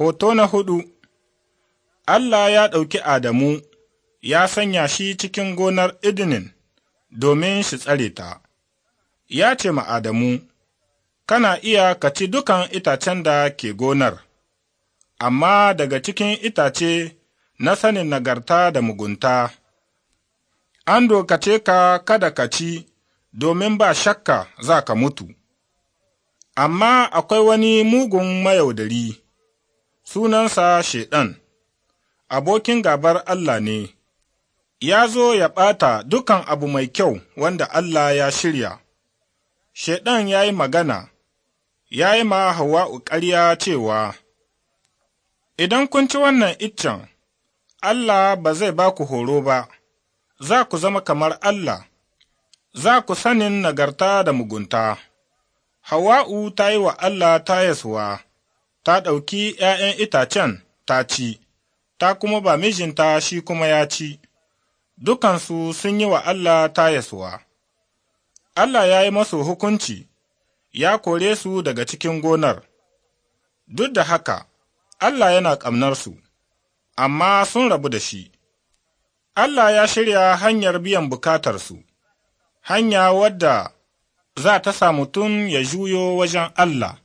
Hoto na hudu Allah ya ɗauki Adamu ya sanya shi cikin gonar Idinin domin shi tsare ta, ya ce ma Adamu, Kana iya ka ci dukan itacen da ke gonar, amma daga cikin itace na sanin nagarta da mugunta, an dokace ka kada ka ci domin ba shakka za ka mutu, amma akwai wani mugun mayaudari. sunansa Shaiɗan, abokin gabar Allah ne, ya zo ya ɓata dukan abu mai kyau wanda Allah ya shirya. Shaiɗan ya yi magana, ya yi ma Hauwa'u ƙarya cewa, Idan kun ci wannan iccen, Allah ba zai ba ku horo ba, za ku zama kamar Allah, za ku sanin nagarta da mugunta. Hawa'u ta yi wa Allah tayaswa. ta ɗauki ’ya'yan itacen ta ci, ta kuma ba mijinta shi kuma ya ci, dukansu sun yi wa Allah ta yasuwa. Allah ya yi masu hukunci, ya kore su daga cikin gonar, duk da haka Allah yana ƙamnarsu, amma sun rabu da shi. Allah ya shirya hanyar biyan bukatarsu, hanya wadda za ta sa mutum ya juyo wajen Allah.